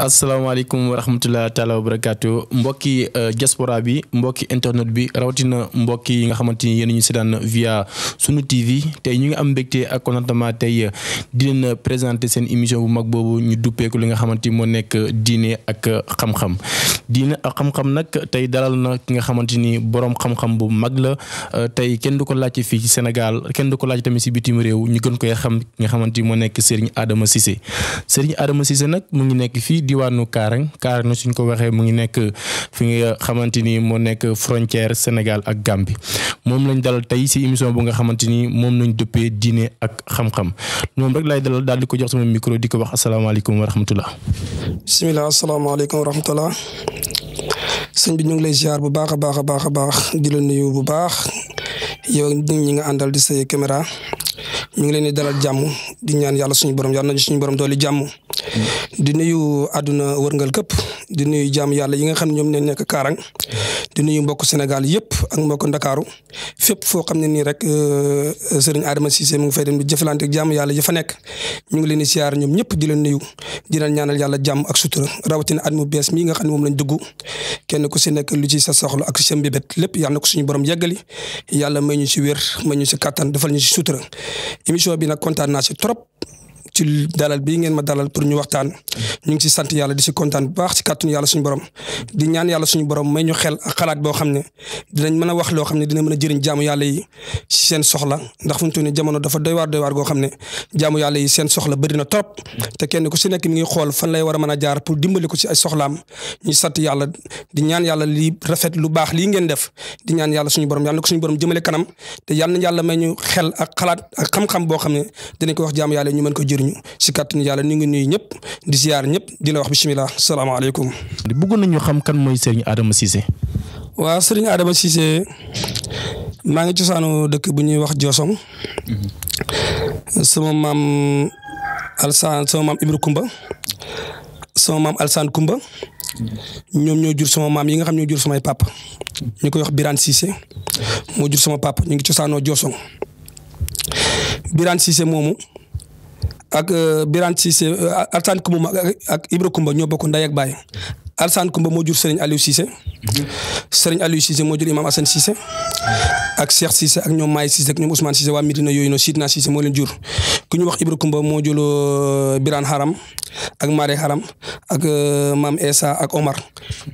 asalaamaaleykum wa rahmatulah taalaa wa barakaatu mbokki euh, diaspora bi mbokki internet bi rawatina mbokki yi nga xamante ni yéen ñu seetaan via sunu TV tey ñu ngi am mbégte ak contentement tey di leen présenter seen émission bu mag boobu ñu duppeeku li nga xamante ni moo nekk diine ak xam-xam diine ak xam-xam nag tey dalal na ki nga xamante ni borom xam-xam bu mag la euh, tey kenn du ko laajte fii ci Sénégal kenn du ko laajte tamit ci bitim réew ñu gën koy xam ki nga xamante ni moo nekk Serigne Adama Cissé diwaanu Kaarang Kaarang na suñ ko waxee mu ngi nekk fi nga xamante ni moo nekk frontière Sénégal ak gàmbi moom lañ dalal tey si émission bu nga xamante ni moom lañ dëppee diine ak xam-xam moom rek laay dalal daal di ko jox sama micro di wax asalaamaaleykum wa rahmatullah. bisimilah asalaamaaleykum wa rahmatullah. sëñ bi ñu ngi lay ziar bu baax a baax a baax a baax di la nuyu bu baax yow ñi nga àndal di say caméra ñu ngi leen di dalal jàmm di ñaan yàlla suñu borom yàlla nañu suñu borom doole jàmm. di nuyu àdduna wërngal këpp di nuyu jàmm yàlla yi nga xam ne ñoom ñoo nekk Kaarang di nuyu mbokk Sénégal yëpp ak mbokk Ndakaaru fépp foo xam ne nii rek euh, Serigne Adama si mu ngi fay dem di jëflante ak jàmm yàlla yi fa nekk ñu ngi leen di siyaar ñoom ñëpp di leen nuyu di leen ñaanal yàlla jàmm ak sutura rawatina at mu bees mii nga xam ne moom lañ dugg kenn ku si nekk lu ci sa soxla ak sa mbébét lépp yàlla ko suñu borom yeggali yàlla may ñu si wér may ñu si kattan defal ñu si sutura ci dalal bii ngeen ma dalal pour ñu waxtaan ñu ngi si sant yàlla di si kontaan bu baax si kàttanu yàlla suñu borom di ñaan yàlla suñu borom may ñu xel ak boo xam ne dinañ mën a wax loo xam ne dina mën a jëriñ jaamu yàlla yi seen soxla ndax fu mu toll jamono dafa doy waar doy waar goo xam ne jaamu yàlla yi seen soxla bëri na trop kenn ku si nekk mi ngi xool fan lay war a mën a jaar pour dimbali ko si ay soxlaam ñu yàlla di ñaan yàlla li rafet lu baax lii ngeen def di ñaan yàlla suñu borom yàlla ko suñu borom jëmale kanam te yàlla na yàlla may ñu xel a xalaat ak xam-xam boo xam ne dina ko wax jaamu yàlla ñu mën ko jëriñ jariñu si kàttanu yàlla ñu ngi nuy ñëpp di ziar ñëpp di la wax bisimilah salaamaaleykum. bëggoon nañu xam kan mooy Serigne Adama Cissé. waaw sëriñ Adama Cissé maa ngi cosaanu dëkk bu ñuy wax Diosong sama maam Alsaan sama maam Ibra Kumba sama maam Alsaan Kumba ñoom ñoo jur sama maam yi nga xam ñoo jur samay papa ñu koy wax Birane Cissé moo jur sama papa ñu ngi cosaanoo Diosong Birane Cissé moomu ak euh, Birane Cissé euh, Arsane Kumba ak Ibra Kumba ñoo bokk nday ak baay Arsane Kumba moo jur Serigne Aliou Cissé Serigne Aliou Cissé moo jur Imam Assane Cissé ak Cheikh Cissé ak ñoom Maay Cissé ak ñoom Ousmane Cissé waa Medina yooyu noonu Sidna Cissé moo jur ku ñu wax Ibra Kumba moo jëloo euh, Birane Haram ak Mare Haram ak euh, maam Essa ak Omar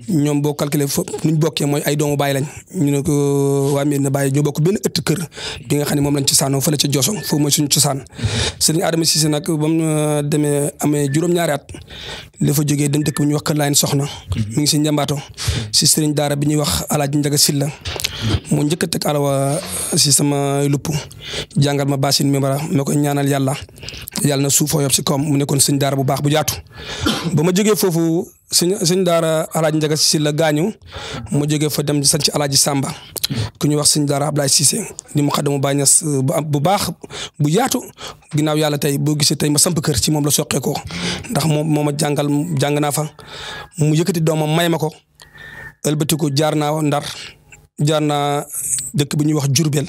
ñoom boo calculé foofu nu ñu bokkee mooy ay doomu baay lañ ñu ne ko euh, waa Medina Baye ñoo bokk benn ëtt kër bi nga xam ne moom lañ ci saanoo fële ci Jooso foofu mooy suñ cosaan Serigne Adama Cissé nag ba demee amee juróom-ñaari at la fa jógee dem dëkk bu ñuy wax Kër Laayeen Soxna mu ngi si Njambaato si Serigne Daara bi ñuy wax Alaaji Njaga Silla moo njëkk a teg alawa si sama lupp jàngal ma basin mi ma koy ñaanal allah yàlla na suuf yob si koom mu nekkoon sëñ daara bu baax bu jaatu ba ma jógee foofu sëñ sëñ daara alaaji njaga si la gaañu ma jógee fa dem sañ ci alaaji sàmba ku ñuy wax sëñ daara Ablaye Cissé di mu xadamu bàyyi ñas uh, bu baax bu yaatu ginnaaw yàlla tey boo gisee tey ma samp kër ci moom la soqee ko ndax moom moo ma jàngal jàng naa fa mu yëkkati doomam may ma ko ëlbatiku jaar naa ndar jaar naa dëkk bu ñuy wax Jurbel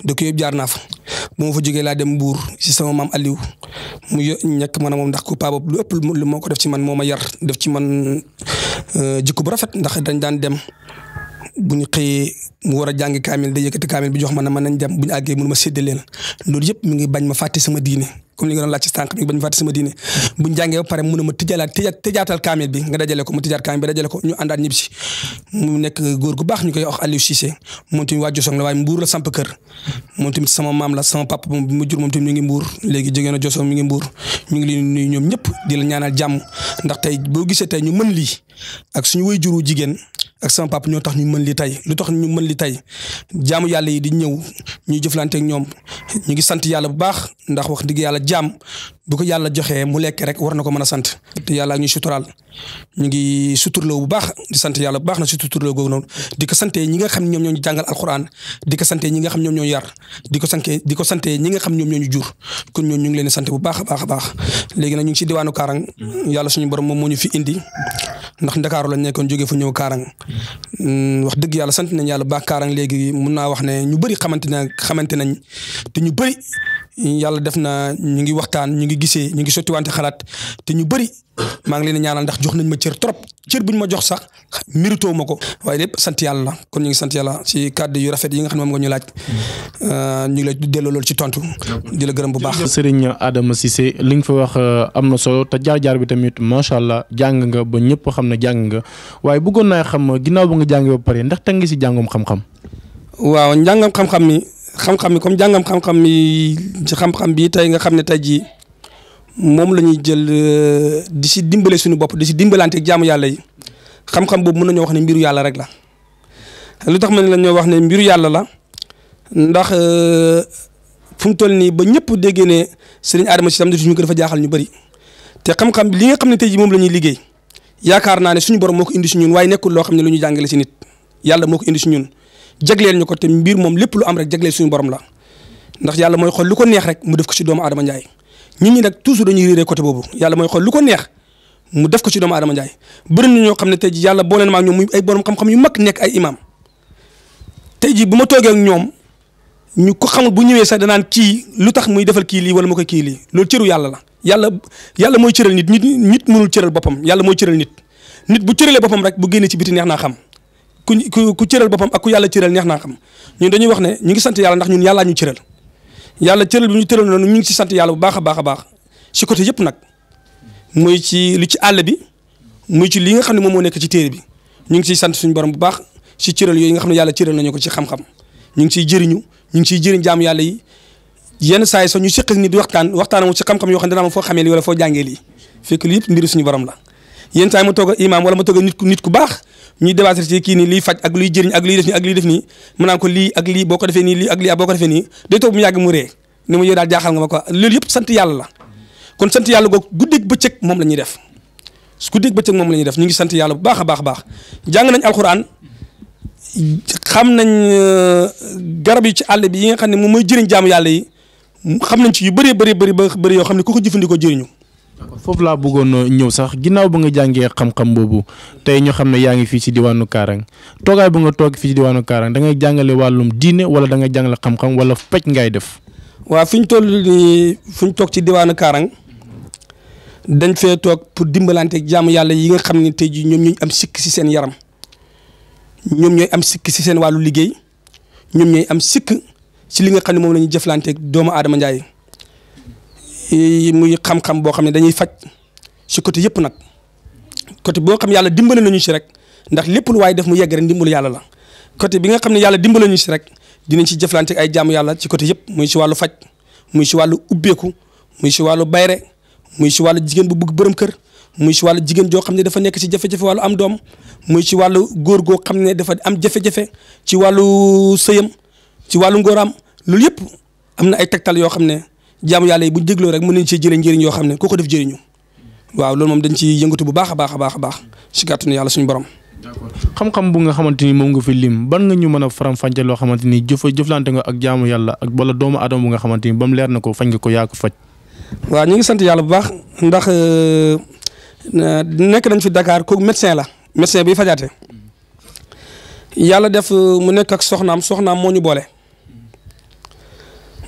dëkk yëpp jaar naa fa bu ma fa jógee laa dem Mbuur si sama maam Aliou mu ñàkk man a moom ndax ku paa lu ëpp lu moo ko def ci man moo ma yar def ci man euh, jikko bu rafet ndax dañ daan dem bu ñu xëyee mu war a jàng kaamil day yëkkati kaamil bi jox ma ne ma nañ dem bu ñu àggee mënu ma séddaleel loolu yëpp mu ngi bañ ma fàtte sama diine. comme li nga doon laaj ci sànq bi bañ fàtte sama diine buñ jàngee ba pare mu ne ma tijalaat tijaatal kaamil bi nga dajale ko mu tijaat kaamil bi dajale ko ñu àndaat ñib mu nekk góor gu baax ñu koy wax Aliou Cissé moom tamit waa Josong la waaye mbuur la samp kër moom tamit sama maam la sama papa mu bi ma jur moom tamit mi ngi mbuur léegi jógee na Josong mi ngi mbuur ñu ngi lii nuyu ñoom ñëpp di la ñaanal jàmm ndax tey boo gisee tey ñu mën lii ak suñu way juru jigéen ak papa ñoo tax ñu mën li tey lu tax ñu mën li tey jaamu yàlla yi di ñëw ñuy jëflante ak ñoom ñu ngi sant yàlla bu baax ndax wax dëgg yàlla jaam bu ko yàlla joxee mu lekk rek war na ko mën a sant te yàlla ñu suturaal ñu ngi suturloo bu baax di sant yàlla bu baax na si suturloo googu noonu di ko sante ñi nga xam ñoom ñoo ñu jàngal alxuraan ko sante nga xam ñoom ñoo yar di ko sante di ko sante ñi nga xam ñoom ñoo ñu jur kon ñoom ñu ngi leen sant bu baax a baax a baax ñu ngi si diwaanu Kaarang yàlla suñu borom moom moo ñu fi indi ndax Ndakaaru lañ nekkoon jógee fu ñëw Kaarang hmm, wax dëgg yàlla sant nañ yàlla baax Kaarang léegi mun naa wax ne ñu bëri xamante na xamante nañ te ñu bëri yàlla def na ñu ngi waxtaan ñu ngi gisee ñu ngi sottiwante xalaat te ñu bari maa ngi leen ñaanal ndax jox nañ ma cër trop cër bu ñu ma jox sax mérito ma ko waaye lépp sant yàlla la kon ñu ngi sant yàlla ci kàddu yu rafet yi nga xam ne moom nga ñu laaj euh, ñu ngi la delloo loolu ci tontu. di la gërëm bu baax. Serigne Adama Cissé li nga fa wax euh, am na solo te jaar-jaar bi tamit macha allah jàng nga ba ñëpp xam ne jàng nga waaye bëggoon naa xam ginnaaw ba nga jàng ba pare ndax te nga si jàngoom xam-xam. waaw njàngam xam-xam xam-xam mi comme jàngam xam mi ci xam-xam tey nga xam ne tey jii moom la ñuy jël euh, di si dimbale suñu bopp di si dimbalante jaamu yàlla yi xam-xam boobu mën nañoo wax ne mbiru yàlla rek la lu tax ma ne la ñoo wax ne mbiru yàlla la ndax euh, fu mu toll nii ba ñëpp déggee ne sëriñ Adama si tam di suñu ko dafa jaaxal ñu bëri te xam-xam li nga xam ne tey jii moom la ñuy liggéey yaakaar naa ne suñu borom moo ko indi si ñun waaye nekkul loo xam ne lu ñu jàngale si nit moo ko indi si ñun jagleel ñu ko te mbir moom lépp lu am rek jagleel suñu borom la ndax yàlla mooy xool lu ko neex rek mu def ko ci doomu Adama Ndiaye ñit ñi nag toujours dañuy réeree côté boobu yàlla mooy xool lu ko neex mu def ko ci doomu Adama Ndiaye bëri na ñoo xam ne tey ji yàlla boole na ak ñoom muy ay borom xam-xam yu mag nekk ay imam tey ji bu ma toogee ak ñoom ñu ko xamul bu ñëwee sax danaan kii lu tax muy defal kii lii wala mu koy kii lii loolu cëru yàlla la yàlla yàlla mooy cëral nit nit nit mënul cëral boppam yàlla mooy cëral nit nit bu cëralee boppam rek bu génnee ci biti neex naa xam ku ku cëral boppam ak ku yàlla cëral neex naa xam ñun dañuy wax ne ñu ngi sant yàlla ndax ñun yàllaa ñu cëral yàlla cëral bi ñu tëral noonu ñu ngi ci sant yàlla bu baax a baax a baax si côté yëpp nag muy ci lu ci àll bi muy li nga xam ne moom moo nekk ci téere bi ñu ngi ciy sant suñu borom bu baax si cereel yooyu nga xam ne yàlla cëral nañu ko ci xam-xam ñu ngi ciy jëriñu ñu ngi ciy jëriñ jaam yàlla yi yenn saa yi sax ñu seq nit di waxtaan waxtaan ci xam-xam yoo xam ne dana am foo xamee lii wala foo jàngee lii fekk li yëpp mbiru suñu borom la yenn saa yi ma toog imaam wala ma toog nit ku nit ku baax ñuy débattre ci kii nii liy faj ak luy jëriñ ak luy def nii ak luy def nii mu naan ko lii ak lii boo ko defee nii lii ak lii ak boo ko defee nii day toog mu yàgg mu ree ni mu yow daal jaaxal nga ma ko loolu yëpp sant yàlla la kon sant yàlla googu guddeeg bëccëg moom la ñuy def guddeeg bëccëg moom la ñuy def ñu ngi sant yàlla bu baax a baax a baax jàng nañ alxuraan xam nañ euh, garab yi ci àll bi yi nga xam ne moom mooy jëriñ jaamu yàlla yi xam nañ ci yu bëree bëri bëri ba bëri yoo xam ne ku ko jëfandikoo jëriñu foofu laa bëggoon ñëw sax ginnaaw ba nga jàngee xam-xam boobu tey ñoo xam ne yaa ngi fii si diwaanu Kaarang toogaay bu nga toog fii ci diwaanu Kaarang da ngay jàngale wàllum diine wala da nga jàngale xam-xam wala ngay def. waaw fi ñu toll nii ñu toog ci diwaanu Kaarang dañ fee toog pour dimbalante jaamu yàlla yi nga xam ne tey jii ñoom ñooy am sikk si seen yaram ñoom ñooy am sikk si seen wàllu liggéey ñoom ñooy am sikk ci li nga xam ne moom la ñuy jëflante doomu aadama Njaay muy xam-xam boo xam ne dañuy faj si côté yëpp nag côté boo xam yàlla dimbale nañu si rek ndax lépp lu waaye def mu yegg rek ndimbalu yàlla la côté bi nga xam ne yàlla dimbale nañu si rek dinañ si jëflante ay jaamu yàlla ci côté yëpp muy si wàllu faj muy si wàllu ubbeeku muy si wàllu bayre muy si wàllu jigéen bu bugg borom kër muy si wàllu jigéen joo xam ne dafa nekk si jafe-jafe wàllu am doom muy si wàllu góor goo xam ne dafa am jafe-jafe ci wàllu sëyam ci wàllu ngóoraam loolu yëpp am na ay tegtal yoo xam ne jaamu yàlla yi buñ dégloo rek mën nañ cee jëlee njëriñ yoo xam ne ko ko def jëriñu waaw loolu moom dañ ci yëngatu bu baax a baax a baax a baax si kàttanu suñu borom d'accord xam bu nga xamante ni moom nga fi lim ban nga ñu mën a faram-fàcce loo xamante ni jëfa jëflante nga ak jaamu yàlla ak wala doomu aadama bu nga xamante ni ba mu leer na ko fañ nga ko yaa ko faj waaw ñu ngi sant yàlla bu baax ndax euh, nekk nañ fi dakaar kooku médecin la médecin bi fajaate yàlla def euh, mu nekk ak soxnaam soxnaam moo ñu boole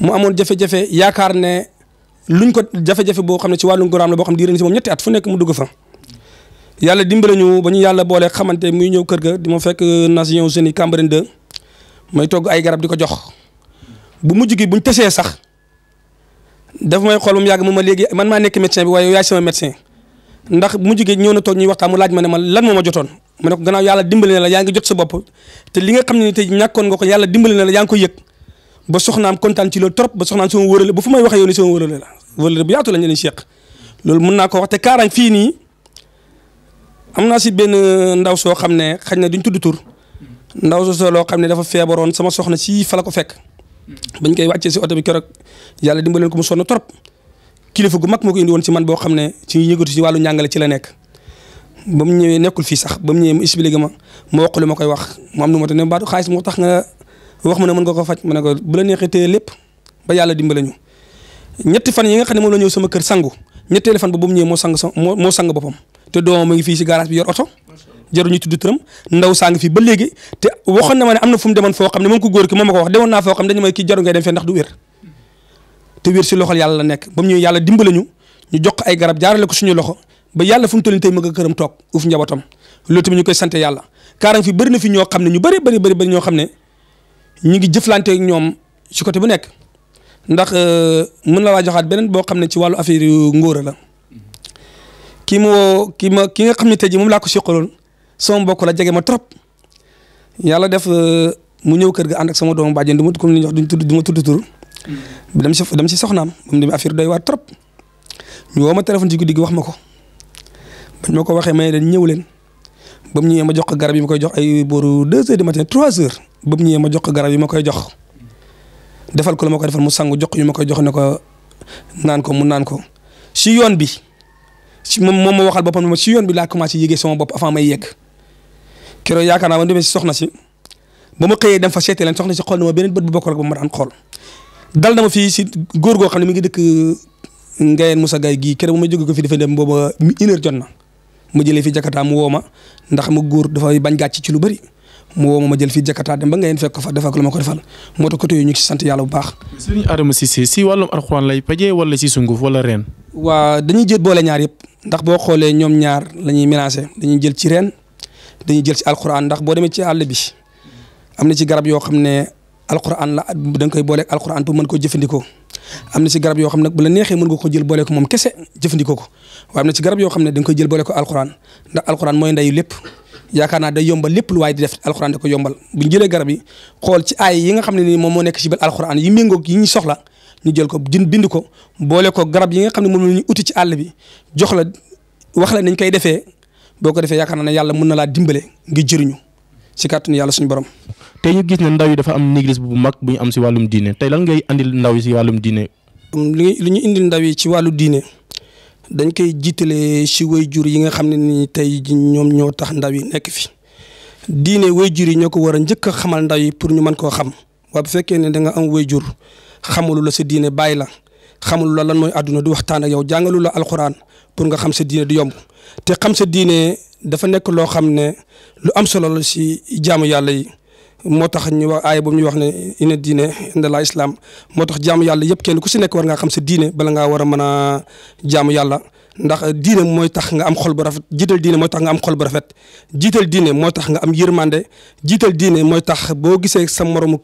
mu amoon jafe-jafe yaakaar ne luñ ko jafe-jafe boo xam ne ci wàllum goraam la boo xam ne diir na fu nekk mu dugg fa yàlla dimbale ñu ba ñu yàlla boole xamante muy ñëw kër ga di ma fekk Nations Unies Cambérène 2 may ay garab di ko jox bu mujj gi buñ tesee sax daf xool mu yàgg mu ma léegi man maa nekk médecin bi waaye yaay sama médecin ndax mu gi ñëw na toog ñuy waxtaa mu laaj ma ne ma lan moo ma jotoon ma ne ko gannaaw yàlla dimbale na la yaa ngi jot sa bopp te li nga xam ne tey ñàkkoon nga ko yàlla dimbale na la yaa ngi ko yëg ba soxnaam kontaan ci loolu trop ba soxnaam sama wërale ba fu may waxee yow ni sama wërale la wërale bu yaatu la ñu leen seq loolu mën naa ko wax te kaaraan fii nii am naa si benn ndaw soo xam ne xañ na duñ tudd tur ndaw soo loo xam ne dafa feebaroon sama soxna si fa la ko fekk bañ koy wàccee si oto bi keroog yàlla dimbaleen ko mu sonn trop kilifa gu mag moo indiwoon si man boo xam ne ci yëngatu si wàllu njàngale ci la nekk ba mu ñëwee nekkul fii sax ba mu ñëwee mu ma ma wax ma koy wax mu am nu ma te ne baatu xaalis moo tax nga wax mu ne mën nga ko faj mu ne ko bu la neexee téye lépp ba yàlla dimbale ñu ñetti fan yi nga xam ne moom la ñëw sama kër sangu ñetteelu fan ba bu mu ñëwee moo sang sa moo moo sang boppam te doomam fii si garage bi yor oto jaru ñu tudd turam ndaw saa ngi fii ba léegi te waxoon na ma ne am na fu mu demoon foo xam ne moom ko góor ki moom ma ko wax demoon naa foo xam ne dañu may kii jaru ngay dem fee ndax du wér te wér si loxol yàlla la nekk ba mu ñëw yàlla dimbale ñu ñu jox ay garab jaarale ko suñu loxo ba yàlla fu mu toll nii tey ma nga këram toog uuf njabootam loolu sant yàlla kaarang fi bëri na ñoo xam ne ñu bëri bëri bëri ñoo xam ne ñu ngi jëflante ak ñoom ci côté bu nekk ndax euh, mën na laa joxaat beneen boo xam ne ci wàllu affaire yu ngóora la kii moo kii ma ki nga xam ne tey jii moom laa ko suqaloon sama mbokk la jege ma trop yàlla def euh, mu ñëw kër ga ànd ak sama doomu bàjjen du ma comme li ñuy wax duñ tudd du ma tudd tur. Mm. dem si dem si soxnaam ba affaire doy waar trop ñu woo ma téléphone ci guddi gi wax ma ko bañ ma ko waxee may leen ñëw leen. ba mu ñëwee ma jox ko garab yi ma koy jox ay booru deux heures du matin trois heures ba mu yi ma koy jox defal ko la ma koy defal mu sangu jox yu ma koy jox ne ko naan ko mu naan ko si yoon bi si moom moom ma waxal boppam ne ma si yoon bi laa commencé yëgee sama bopp avant may yegg keroog yaakaar naa ba demee si soxna si ba ma xëyee dem fa seetee leen soxna si xool na ma beneen bët bu bokkul ak ba ma daan xool dal na ma fii si góor goo xam ne mu ngi dëkk Ngayeen Moussa Gaye gii keroog bu ma jógee ko fi dafa dem booba une heure jot na. ma jëlee fi Jakarta mu woo ma ndax ma góor dafay bañ gàcc ci lu bëri mu woo ma jël fii Jakarta dem ba nga yéen fekk ko fa defal ko la ma ko defal moo tax côté yooyu ñu ngi si sant yàlla bu baax. Serigne Adama Cissé si wàllum alxuraan lay pajee wala si sunguf wala reen. waa dañuy jël boole ñaar yëpp ndax boo xoolee ñoom ñaar lañuy ñuy dañuy jël ci reen dañuy jël ci alxuraan ndax boo demee ci àll bi am na ci garab yoo xam ne alquran la da nga koy booleeg alquran pour mën koo jëfandikoo am na si garab yoo xam nag bu la neexee mën nga ko jël boole ko moom kese jëfandikoo ko waaye am na si garab yoo xam ne da koy jël boole ko alquran ndax alquran mooy ndeyu lépp yaakaar naa day yombal lépp lu waaye di def alquran da ko yombal bu ñu jëlee garab yi xool ci aay yi nga xam ne nii moom moo nekk si biir alquran yi méngoog yi ñu soxla ñu jël ko jën bind ko boole ko garab yi nga xam ne moom la ñu uti ci àll bi jox la wax la nañ koy defee boo ko defee yaakaar naa ne yàlla mën na laa dimbale ngir jëriñu si kàttanu yàlla suñu borom. te ñu gis ne ndaw yi dafa am négligence bu mag bu ñu am si wàllum diine tey lan ngay andil ndaw si wàllum diine. Um, li ñu indil ndaw yi ci wàllu diine dañ koy jiitalee si waajur yi nga xam ne ni tey ñoom ñoo tax ndaw yi nekk fi diine waajur yi ñoo ko war a njëkk a xamal ndaw yi pour ñu mën koo xam waaye bu fekkee ne da nga am waajur xamalu la sa diine bàyyi la xamul la lan mooy àdduna du waxtaan ak yow jàngalu la alxuraan pour nga xam sa diine du yomb dafa nekk loo xam ne lu am solo la si jaamu yàlla yi moo tax ñu wax aaya boobu ñu wax ne ina diine islam moo tax jaamu yàlla yëpp kenn ku si nekk war ngaa xam sa diine bala ngaa war a mën a jaamu yàlla ndax diine mooy tax nga am xol bu rafet jiital diine mooy tax nga am xol bu rafet jiital diine mooy tax nga am yërmande jiital diine mooy tax boo gisee sa moromu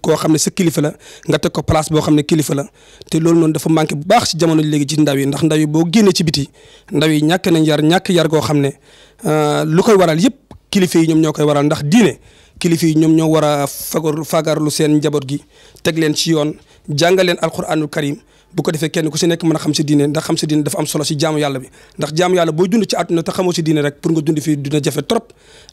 koo xam ne sa kilifa la nga teg ko place boo xam ne kilifa la te loolu noonu dafa manqué bu baax ci jamono léegi ci ndaw yi ndax ndaw boo génnee ci biti ndaw yi ñàkk nañ yar ñàkk yar goo xam ne euh, lu koy waral yëpp kilifa yi ñoom ñoo koy waral ndax diine kilifa yi ñoom ñoo war a fagaru fagarlu seen njaboot gi teg leen ci yoon jàngal leen alquranul karim bu ko defee kenn ku si nekk mën a xam si diine ndax xam si diine dafa am solo si jaamu yàlla bi ndax jaamu yàlla booy dund ci àdduna te xamoo si diine rek pour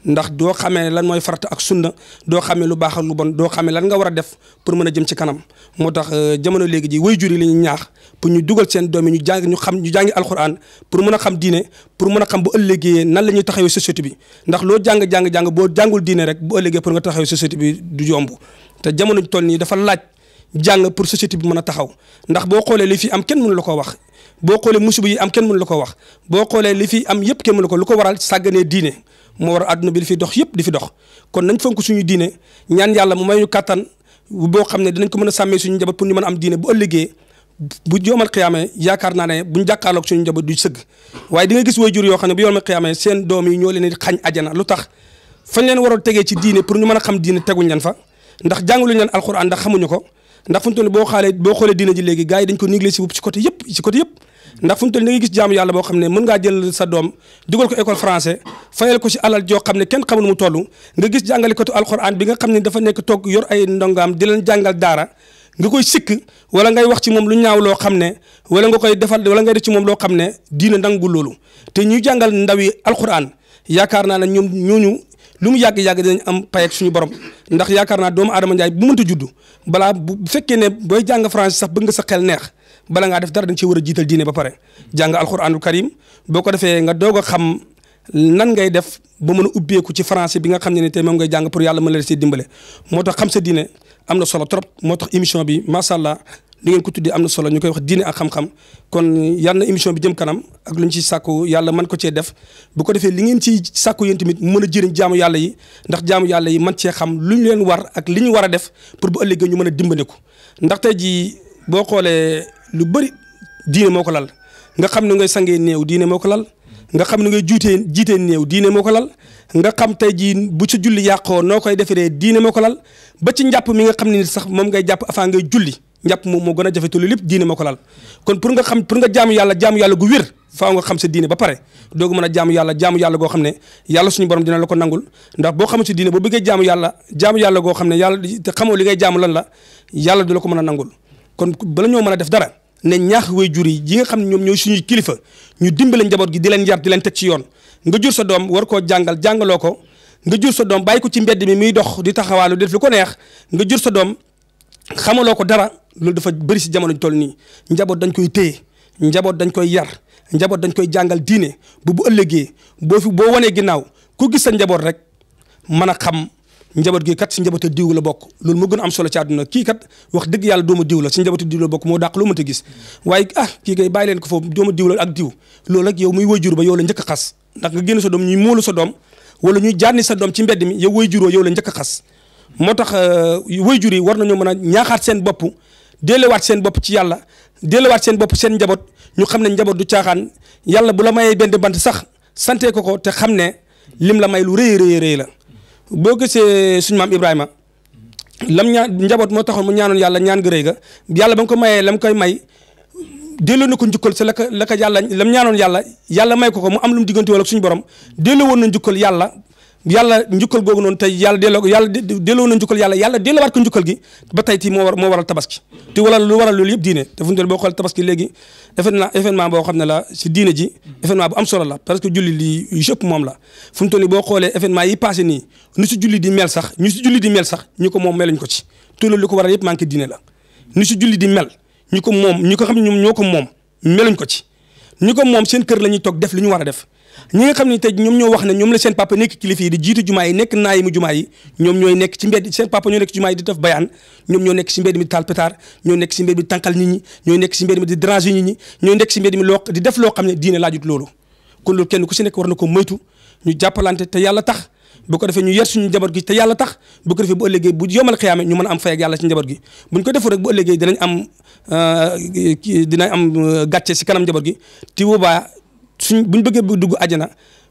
ndax doo xamee lan mooy farata ak sunna doo xamee lu baax lu bon doo xamee lan nga def pour mën a jëm ci kanam moo tax euh, jamono léegi ji way jur la ñuy ñaax pour ñu dugal seen doom ñu jàng ñu xam ñu jàngi alxuraan pour mën a xam diine pour mën a xam bu ëllëgee nan la ñuy taxawee société bi ndax loo jàng jàng jàng boo jàngul diine rek bu ëllëgee pour nga taxawee société bi du yomb te jamono toll nii dafa laaj jàng pour société bi mën a taxaw ndax boo xoolee li fi am kenn mënu la ko wax boo xoolee musiba yi am kenn mënu la ko wax boo xoolee li fi am yëpp kenn mënu la ko lu ko waral sàgganee diine moo war àdduna bi li fi dox yëpp di fi dox kon nañ fonk suñu diine ñaan yàlla mu may ñu kàttan boo xam ne dinañ ko mën a sàmmee suñu njaboot pour ñu mën a am diine bu ëllëgee bu yoomal xiyaamee yaakaar naa ne buñ jàkkaarloog suñu njaboot du sëgg waaye di nga gis waajur yoo xam ne bu yoomal xiyaamee seen doom yi ñoo leen xañ ajana lu tax fañ leen waroon tegee ci diine pour ñu mën a xam diine teguñ leen fa ndax jàngaluñ leen alxuraan ndax xamuñu ko ndax fu ñu toll boo xaalee boo xoolee diina ji léegi gars yi dañ ko négligé ci côté yëpp ci côté yëpp ndax fu ñu toll gis jaamu yàlla ne mën ngaa jël sa doom dugal ko école français fayal ko ci alal joo xam ne kenn xamul mu toll nga gis jàngalekatu alxuraan bi nga xam ne dafa nekk toog yor ay ndongaam di leen jàngal daara nga koy sikk wala ngay wax ci moom lu ñaaw loo xam ne wala nga koy defal wala ngay def ci moom loo xam ne diina nangul loolu te ñuy jàngal ndaw yi alxuraan yaakaar naa ne ñoom ñooñu lu mu yàgg-yàgg dinañ am pay suñu borom ndax yaakaar naa doomu aadama njaay bu mënta juddu balaa bu fekkee ne booy jàng français sax bëgg nga sa xel neex bala nga def dara dañ ci war a jiital diine ba pare jàng alxuraanul karim boo ko defee nga doog a xam nan ngay def ba mun a ubbeeku ci français bi nga xam ne ne tey moom ngay jàng pour yàlla mën la see dimbale moo tax xam sa diine am na solo trop moo tax émission bi macha allah li ngeen ko tuddee am na solo ñu koy wax diine ak xam-xam kon yal na émission bi jëm kanam ak lu ñu ci sàkku yàlla mën ko cee def bu ko defee li ngeen ciy sàkku yéen tamit mën a jëriñ jaamu yàlla yi ndax jaamu yàlla yi man cee xam lu ñu leen war ak li ñu war a pour bu ëllëgee ñu mën a dimbandiku ndax tey jii boo xoolee lu bëri diine moo ko lal nga xam ne ngay sangee néew diine moo ko lal nga xam ngay juutee jiitee néew diine moo ko lal nga xam tey jii bu ci julli yàqoo noo koy defaree diine moo ko lal ba ci njàpp mi nga xam ne sax moom ngay jàpp avant ngay julli njàpp moom moo gën a jafe te loolu diine moo ko laal kon pour nga xam pour nga jaamu yàlla jaamu yàlla gu wér faaw nga xam sa diine ba pare yàlla jaamu yàlla goo xam ne yàlla suñu borom dina la ko nangul ndax boo xamul si diine boo bëggee jaamu yàlla jaamu yàlla goo xam ne yàlla te xamoo li ngay jaamu lan la yàlla du la ko mën a nangul kon bala ñoo mën a def dara ne ñax waajur yi yi nga xam ne ñoom ñooy suñuy kilifa ñu dimbale njaboot gi di leen yar di leen teg ci yoon nga jur sa doom war koo jàngal jàngaloo ko nga jur sa doom bàyyi ko ci mbedd mi muy dox di taxawaalu def lu ko neex nga jur sa doom xamaloo ko dara loolu dafa bëri si jamono toll nii njaboot dañ koy téye njaboot dañ koy yar njaboot dañ koy jàngal diine bu bu ëllëgee boo fi boo wanee ginnaaw ku gis sa njaboot rek man a xam njaboot gi kat si njabootu diw la bokk loolu moo gën a am solo ci àdduna kii kat wax dëgg yàlla doomu diw la si njabootu diw la bokk moo dàq loo mënta gis waaye ah kii kay bàyyi leen ko foofu doomu diw la ak diw loolu rek yow muy wajur ba yow la njëkk xas ndax nga génn sa doom ñuy móolu sa doom wala ñuy jaarni sa doom ci mbedd mi yow wajuroo yow la njëkk xas moo tax euh, waajur yi war nañoo mën a ñaaxaat seen bopp dellewaat seen bopp ci yàlla dellewaat seen bopp seen njaboot ñu xam ne njaboot du caaxaan yàlla bu la mayee benn bant sax sante ko ko te xam ne lim la may lu rëy rëy rëy la boo gisee suñu maam Ibrahima lam ñaa njaboot moo taxoon mu ñaanoon yàlla ñaan ga yàlla ba ko mayee lam koy may delloo na ko njukkal sa la ko la lam ñaanoon yàlla yàlla may ko ko mu am lu diggante wala suñu borom delloo woon na njukkal yàlla yàlla njukkal googu noonu tey yàlla delloo yàlla delloo na njukkal yàlla yàlla delloowaat ko njukkal gi ba tey ti moo war moo waral tabaski te wala lu waral loolu yëpp diine te fu ñu doon boo xool tabaski léegi événement événement boo xam ne la si diine ji événement bu am solo la parce que julli li yëpp moom la fu ñu toll nii boo xoolee événement yi passé nii nu si julli di mel sax ñu si julli di mel sax ñu ko moom meluñ ko ci te loolu li ko waral yëpp manqué diine la nu si julli di mel ñu ko moom ñu ko xam ne ñoom ñoo ko moom meluñ ko ci ñu ko moom seen kër la ñuy toog def li ñu war a def ñi nga xam ne tey ñoom ñoo wax ne ñoom la seen papa nekk kilifa di jiitu jumaa nekk naayi mu ñoom ñooy nekk ci mbedd seen papa ñoo nekk ci jumaa yi di def bayaan ñoom ñoo nekk si mbedd mi di taal pétard ñoo nekk si mbedd mi di tànqal nit ñi ñooy nekk si mbedd mi di déranger nit ñi ñooy nekk si mbedd mi def loo xam ne diine laajut loolu kon loolu kenn ku si nekk war na ko moytu ñu jàppalante te yàlla tax bu ko defee ñu yer suñu njaboot gi te yàlla tax bu ko defee bu ëllëgee bu yomal xiyaame ñu mën a am fay ak yàlla ci njaboot gi buñ am euh, dinañ si euh, kanam njaboot gi suñ buñ bëggee dugg àjjana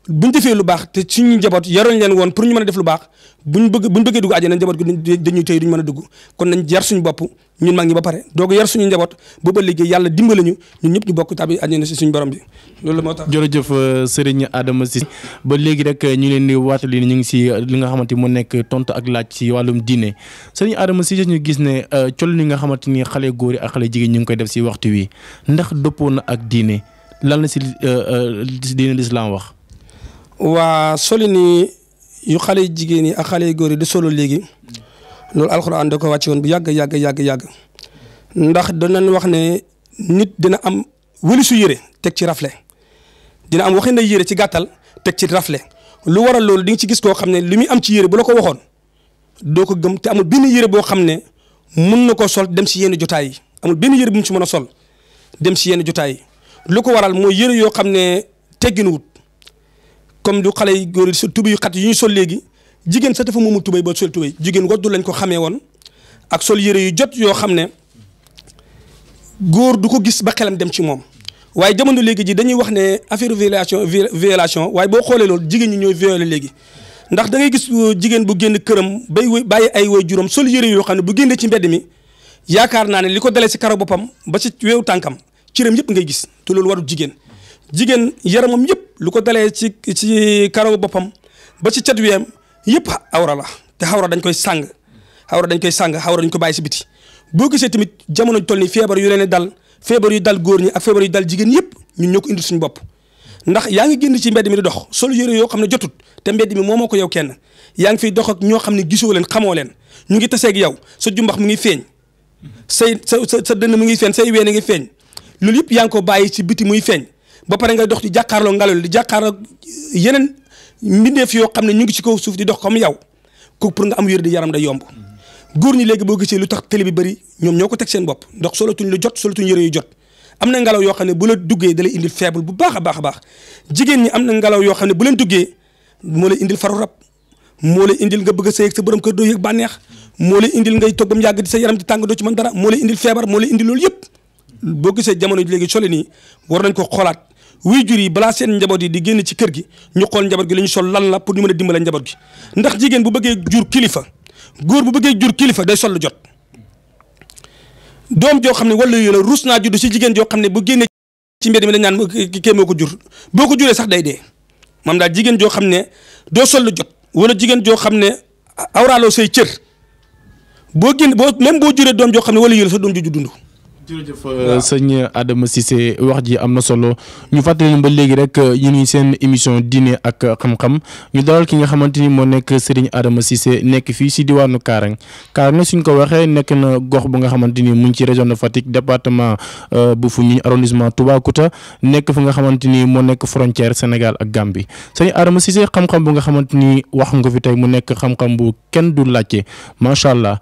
buñ defee lu baax te suñu njaboot yaroñ leen woon pour ñu mën a def lu baax buñ bëgg buñ bëggee dugg àjjana njaboot gi dañuy tey duñ mën a dugg kon nañ yar suñu bopp ñun mag ñi ba pare doog yar suñu njaboot booba liggéey yàlla dimbale ñu ñëpp ñu bokk tàbbi àjjana si suñu borom bi loolu moo tax jërëjëf euh, Serigne Adama si ba léegi rek euh, ñu leen di waatali ñu ngi si euh, li nga xamante mu nekk tontu ak laaj si wàllum diine Serigne Adama si ñu gis ne col li nga xamante ni xale góor ak xale jigéen ñu ngi koy def si waxtu wi ndax dëppoo na ak diine lan la si euh, euh, diine lislaam wax. waa solin yi yu xale jigéen yi ak xale góor yi di solo léegi loolu alxuraan da ko wàcce woon bu yàgg yàgg yàgg yàgg ndax danañ wax ne nit dina am wëli yére teg ci rafle dina am waxin na yére ci gàttal teg ci rafle lu wara loolu di nga ci gis koo xam ne li muy am ci yére bu la ko waxoon doo ko gëm te amul benn yére boo xam ne mun na ko sol dem si yenn jotaay yi amul benn yére bu ci si mën a sol dem si yenn jotaay yi lu ko waral mooy yére yoo xam ne tegginuwut comme du xale yi góor yi tubéy yu xat yu sol léegi jigéen sa dafa moomu tubéy ba sol tubéy jigéen waddu lañ ko xamee woon ak sol yére yu jot yoo xam ne góor du ko gis ba xelam dem ci moom waaye jamono léegi ji dañuy wax ne affaire violation violation waaye boo xoolee jigéen ñi ñooy léegi ndax da ngay gis jigéen bu génn këram bay bàyyi ay woy juróom sol yëre yoo xam ne bu génnee ci mbedd mi yaakaar naa ne li ko dalee si kar boppam ba si weewu tànkam cireem yëpp ngay gis te loolu warul jigéen jigéen yaramam yëpp lu ko dalee ci ci karaw boppam ba ci cat weem yëpp awra la te xawra dañ koy sang xawra dañ koy sàng xawra dañ ko bàyyi si biti boo gisee tamit jamono toll ni feebar yu leen dal feebar yu dal góor ñi ak feebar yu dal jigéen yëpp ñu ñoo ko indi suñu bopp ndax yaa ngi génn ci mbedd mi di dox solo yére yoo xam ne jotut te mbedd mi moomoo ko yow kenn yaa ngi fiy dox ak ñoo xam ne gisoo leen xamoo leen ñu ngi taseeg yow sa jumbax mu ngi feeñ say sa sa dënn mu ngi feeñ say ween ngi feeñ loolu yëpp yaa ngi ko bàyyi ci biti muy feeñ ba pare nga dox di jàkkaarloo ngelaw li di jàkkaarloo yeneen mbindeef yoo xam ne ñu ngi ci kaw suuf di dox comme yow kooku pour nga am wér di yaram da yomb góor ñi léegi boo gisee lu tax télé bi bëri ñoom ñoo ko teg seen bopp ndax solatuñ la jot solatuñ yëre yu jot am na ngelaw yoo xam ne bu la duggee da lay indil faible bu baax a baax a baax jigéen ñi am na ngelaw yoo xam ne bu leen duggee moo lay indil faru moo lay indil nga bëgg a sëyeeg sa borom kër doo yëg bànneex moo lay indil ngay toog moo lay indil feebar moo lay boo gisee jamono ji léegi soli nii war nañ ko xoolaat wuy jur yi balaa seen njaboot yi di génn ci kër gi ñu xool njaboot gi li ñu sol lan la pour ñu mën a dimbale njaboot gi ndax jigéen bu bëggee jur kilifa góor bu bëggee jur kilifa day sol lu jot doom joo xam ne wala yoona rus naa judd si jigéen joo xam ne bu génnee ci mbedd mi dañ naan kii moo ko jur boo ko juree sax day dee maam daal jigéen joo xam ne doo sol lu jot wala jigéen joo xam ne awraaloo say cër boo génn boo même boo juree doom joo xam ne wala yoona sax doom ju ju dund jërëjëf euh, sëñ Adama Cissé wax ji am na solo ñu fàttali ba léegi rek euh, ñu ngi seen émission diine ak xam-xam ñu dalal ki nga xamante ni moo nekk Serigne Adama Cissé nekk fii si diwaanu Kaarang Kaarang suñ ko waxee nekk na gox bu nga xamante ni mu ngi ci région de Fatick département euh, bu Foundiougne arrondissement Toubacouta nekk fu nga xamante ni moo nekk frontière Sénégal ak Gambie sëñ Adama Cissé xam-xam bu nga xamante ni wax nga fi tey mu nekk xam-xam bu kenn du laajte macha allah.